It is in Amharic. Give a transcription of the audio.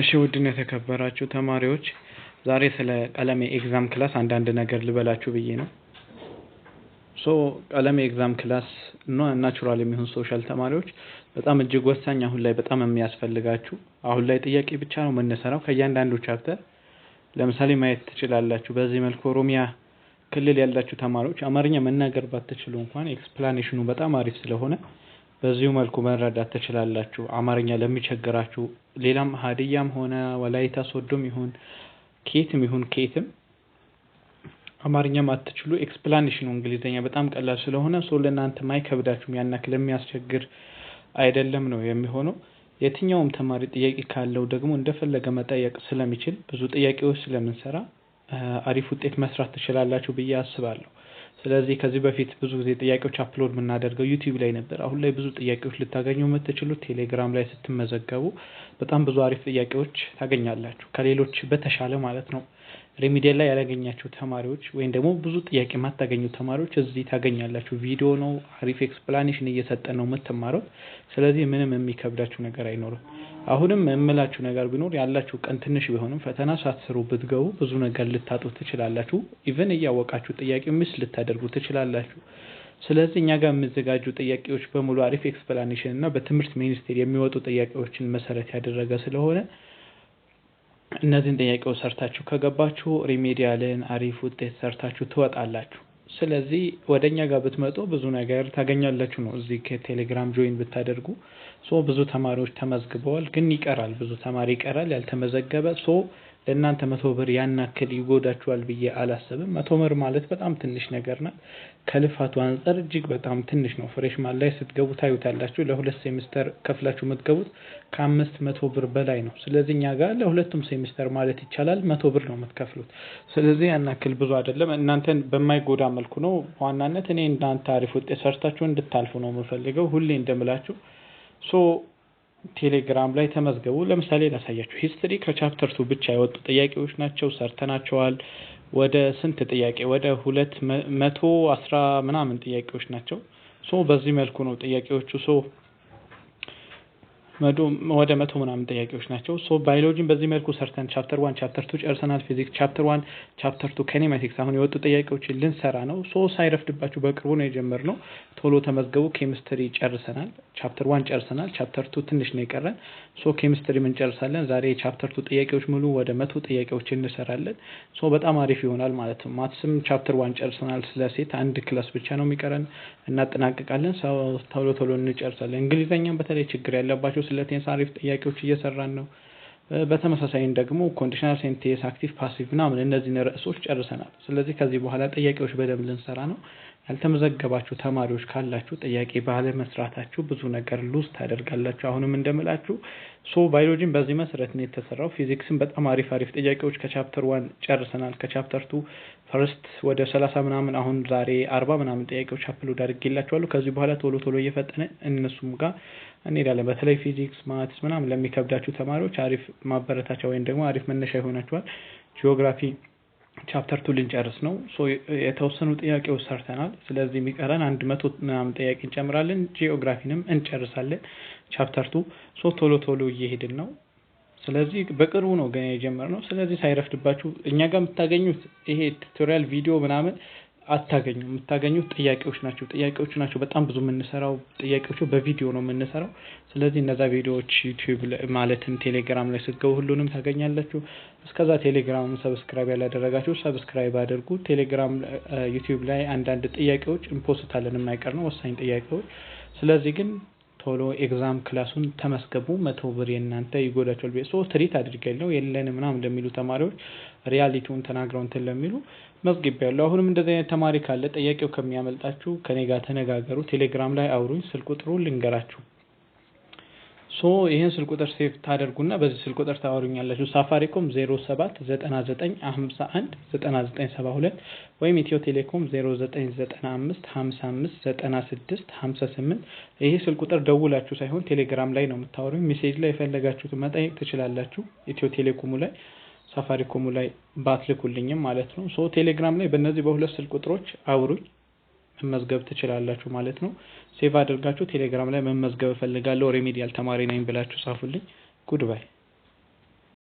እሺ ውድን የተከበራችሁ ተማሪዎች ዛሬ ስለ ቀለም ኤግዛም ክላስ አንዳንድ ነገር ልበላችሁ ብዬ ነው። ሶ ቀለም ኤግዛም ክላስ ናቹራል የሚሆን ሶሻል ተማሪዎች በጣም እጅግ ወሳኝ አሁን ላይ በጣም የሚያስፈልጋችሁ አሁን ላይ ጥያቄ ብቻ ነው መነሰራው ከእያንዳንዱ ቻፕተር ለምሳሌ ማየት ትችላላችሁ። በዚህ መልኩ ኦሮሚያ ክልል ያላችሁ ተማሪዎች አማርኛ መናገር ባትችሉ እንኳን ኤክስፕላኔሽኑ በጣም አሪፍ ስለሆነ በዚሁ መልኩ መረዳት ትችላላችሁ። አማርኛ ለሚቸግራችሁ ሌላም ሀዲያም ሆነ ወላይታ ሶዶም ይሁን ኬትም ይሁን ኬትም አማርኛም አትችሉ ኤክስፕላኔሽኑ እንግሊዝኛ በጣም ቀላል ስለሆነ ሶ ለእናንተ አይከብዳችሁም ያን ለሚያስቸግር አይደለም ነው የሚሆነው። የትኛውም ተማሪ ጥያቄ ካለው ደግሞ እንደፈለገ መጠየቅ ስለሚችል ብዙ ጥያቄዎች ስለምንሰራ አሪፍ ውጤት መስራት ትችላላችሁ ብዬ አስባለሁ። ስለዚህ ከዚህ በፊት ብዙ ጊዜ ጥያቄዎች አፕሎድ የምናደርገው ዩቲዩብ ላይ ነበር። አሁን ላይ ብዙ ጥያቄዎች ልታገኙ የምትችሉ ቴሌግራም ላይ ስትመዘገቡ በጣም ብዙ አሪፍ ጥያቄዎች ታገኛላችሁ ከሌሎች በተሻለ ማለት ነው። ሪሚዲያል ላይ ያላገኛችሁ ተማሪዎች ወይም ደግሞ ብዙ ጥያቄ የማታገኙ ተማሪዎች እዚህ ታገኛላችሁ። ቪዲዮ ነው፣ አሪፍ ኤክስፕላኔሽን እየሰጠ ነው የምትማረው። ስለዚህ ምንም የሚከብዳችሁ ነገር አይኖርም። አሁንም የምላችሁ ነገር ቢኖር ያላችሁ ቀን ትንሽ ቢሆንም ፈተና ሳትስሩ ብትገቡ ብዙ ነገር ልታጡ ትችላላችሁ። ኢቨን እያወቃችሁ ጥያቄ ምስ ልታደርጉ ትችላላችሁ። ስለዚህ እኛ ጋር የሚዘጋጁ ጥያቄዎች በሙሉ አሪፍ ኤክስፕላኔሽን እና በትምህርት ሚኒስቴር የሚወጡ ጥያቄዎችን መሰረት ያደረገ ስለሆነ እነዚህን ጥያቄዎች ሰርታችሁ ከገባችሁ ሪሜዲያልን አሪፍ ውጤት ሰርታችሁ ትወጣላችሁ። ስለዚህ ወደ እኛ ጋር ብትመጡ ብዙ ነገር ታገኛላችሁ ነው። እዚህ ከቴሌግራም ጆይን ብታደርጉ ሶ ብዙ ተማሪዎች ተመዝግበዋል፣ ግን ይቀራል ብዙ ተማሪ ይቀራል ያልተመዘገበ ሶ ለእናንተ መቶ ብር ያን ይጎዳችኋል ብዬ አላስብም። መቶ ብር ማለት በጣም ትንሽ ነገር ናት። ከልፋቱ አንጻር እጅግ በጣም ትንሽ ነው። ፍሬሽማን ላይ ስትገቡ ታዩታላችሁ። ለሁለት ሴሚስተር ከፍላችሁ የምትገቡት ከአምስት መቶ ብር በላይ ነው። ስለዚህ እኛ ጋር ለሁለቱም ሴሚስተር ማለት ይቻላል መቶ ብር ነው የምትከፍሉት። ስለዚህ ያን ብዙ አይደለም። እናንተን በማይጎዳ መልኩ ነው። በዋናነት እኔ እናንተ አሪፍ ውጤት ሰርታችሁ እንድታልፉ ነው የምፈልገው ሁሌ እንደምላችሁ ሶ ቴሌግራም ላይ ተመዝገቡ። ለምሳሌ ላሳያችሁ። ሂስትሪ ከቻፕተር ቱ ብቻ የወጡ ጥያቄዎች ናቸው። ሰርተናቸዋል። ወደ ስንት ጥያቄ? ወደ ሁለት መቶ አስራ ምናምን ጥያቄዎች ናቸው። ሶ በዚህ መልኩ ነው ጥያቄዎቹ። ሶ ወደ መቶ ምናምን ጥያቄዎች ናቸው። ሶ ባዮሎጂን በዚህ መልኩ ሰርተን ቻፕተር ዋን፣ ቻፕተር ቱ ጨርሰናል። ፊዚክስ ቻፕተር ዋን፣ ቻፕተር ቱ ኬኔማቲክስ አሁን የወጡ ጥያቄዎችን ልንሰራ ነው። ሶ ሳይረፍድባችሁ በቅርቡ ነው ነው። ቶሎ ተመዝገቡ። ኬሚስትሪ ጨርሰናል። ቻፕተር ዋን ጨርሰናል። ቻፕተር ቱ ትንሽ ነው የቀረን። ሶ ኬሚስትሪ እንጨርሳለን። ዛሬ የቻፕተር ቱ ጥያቄዎች ሙሉ ወደ መቶ ጥያቄዎች እንሰራለን። ሶ በጣም አሪፍ ይሆናል ማለት ነው። ማትስም ቻፕተር ዋን ጨርሰናል። ስለ ሴት አንድ ክላስ ብቻ ነው የሚቀረን፣ እናጠናቅቃለን። ሰው ቶሎ ቶሎ እንጨርሳለን። እንግሊዝኛም በተለይ ችግር ያለባቸው ስለ ቴንስ አሪፍ ጥያቄዎች እየሰራን ነው። በተመሳሳይም ደግሞ ኮንዲሽናል ሴንቴስ አክቲቭ ፓሲቭ ምናምን እነዚህን ርዕሶች ጨርሰናል። ስለዚህ ከዚህ በኋላ ጥያቄዎች በደንብ ልንሰራ ነው። ያልተመዘገባችሁ ተማሪዎች ካላችሁ ጥያቄ መስራታችሁ ብዙ ነገር ሉዝ ታደርጋላችሁ። አሁንም እንደምላችሁ ሶ ባዮሎጂን በዚህ መሰረት ነው የተሰራው። ፊዚክስን በጣም አሪፍ አሪፍ ጥያቄዎች ከቻፕተር ዋን ጨርሰናል። ከቻፕተር ቱ ፈርስት ወደ ሰላሳ ምናምን አሁን ዛሬ አርባ ምናምን ጥያቄዎች አፕሎድ አድርጌላችኋለሁ። ከዚህ በኋላ ቶሎ ቶሎ እየፈጠነ እነሱም ጋር እንሄዳለን። በተለይ ፊዚክስ፣ ማትስ ምናምን ለሚከብዳችሁ ተማሪዎች አሪፍ ማበረታቻ ወይም ደግሞ አሪፍ መነሻ ይሆናችኋል። ጂኦግራፊ ቻፕተር ቱ ልንጨርስ ነው። የተወሰኑ ጥያቄዎች ሰርተናል። ስለዚህ የሚቀረን አንድ መቶ ምናምን ጥያቄ እንጨምራለን። ጂኦግራፊንም እንጨርሳለን። ቻፕተር ቱ ሶ ቶሎ ቶሎ እየሄድን ነው። ስለዚህ በቅርቡ ነው ገና ነው ስለዚህ ሳይረፍድባችሁ እኛ ጋር የምታገኙት ይሄ ቱቶሪያል ቪዲዮ ምናምን አታገኙ የምታገኙት ጥያቄዎች ናቸው። ጥያቄዎቹ ናቸው በጣም ብዙ የምንሰራው ጥያቄዎቹ በቪዲዮ ነው የምንሰራው። ስለዚህ እነዛ ቪዲዮዎች ዩቲዩብ ማለትም ቴሌግራም ላይ ስትገቡ ሁሉንም ታገኛላችሁ። እስከዛ ቴሌግራም ሰብስክራይብ ያላደረጋችሁ ሰብስክራይብ አድርጉ። ቴሌግራም ዩቲዩብ ላይ አንዳንድ ጥያቄዎች እንፖስታለን የማይቀር ነው ወሳኝ ጥያቄዎች። ስለዚህ ግን ቶሎ ኤግዛም ክላሱን ተመስገቡ መቶ ብር የእናንተ ይጎዳቸዋል ብዬ ሶ ትሪት አድርጌያለሁ የለን ምናምን ለሚሉ ተማሪዎች ሪያሊቲውን ተናግረው እንትን ለሚሉ መዝግብ መዝግቤያለሁ። አሁንም እንደዚህ አይነት ተማሪ ካለ ጠያቄው ከሚያመልጣችሁ ከኔ ጋር ተነጋገሩ፣ ቴሌግራም ላይ አውሩኝ፣ ስልቁ ጥሩ ልንገራችሁ ሶ ይህን ስልክ ቁጥር ሴቭ ታደርጉና በዚህ ስልክ ቁጥር ታወሩኛላችሁ። ሳፋሪኮም 0799519972 ወይም ኢትዮ ቴሌኮም 0995559658 ይህ ስልክ ቁጥር ደውላችሁ ሳይሆን ቴሌግራም ላይ ነው የምታወሩኝ። ሜሴጅ ላይ የፈለጋችሁት መጠየቅ ትችላላችሁ። ኢትዮ ቴሌኮሙ ላይ ሳፋሪኮሙ ላይ ባትልኩልኝም ማለት ነው። ሶ ቴሌግራም ላይ በእነዚህ በሁለት ስልክ ቁጥሮች አውሩኝ። መመዝገብ ትችላላችሁ ማለት ነው። ሴቭ አድርጋችሁ ቴሌግራም ላይ መመዝገብ እፈልጋለሁ ሪሚዲያል ተማሪ ነኝ ብላችሁ ጻፉልኝ። ጉድ ባይ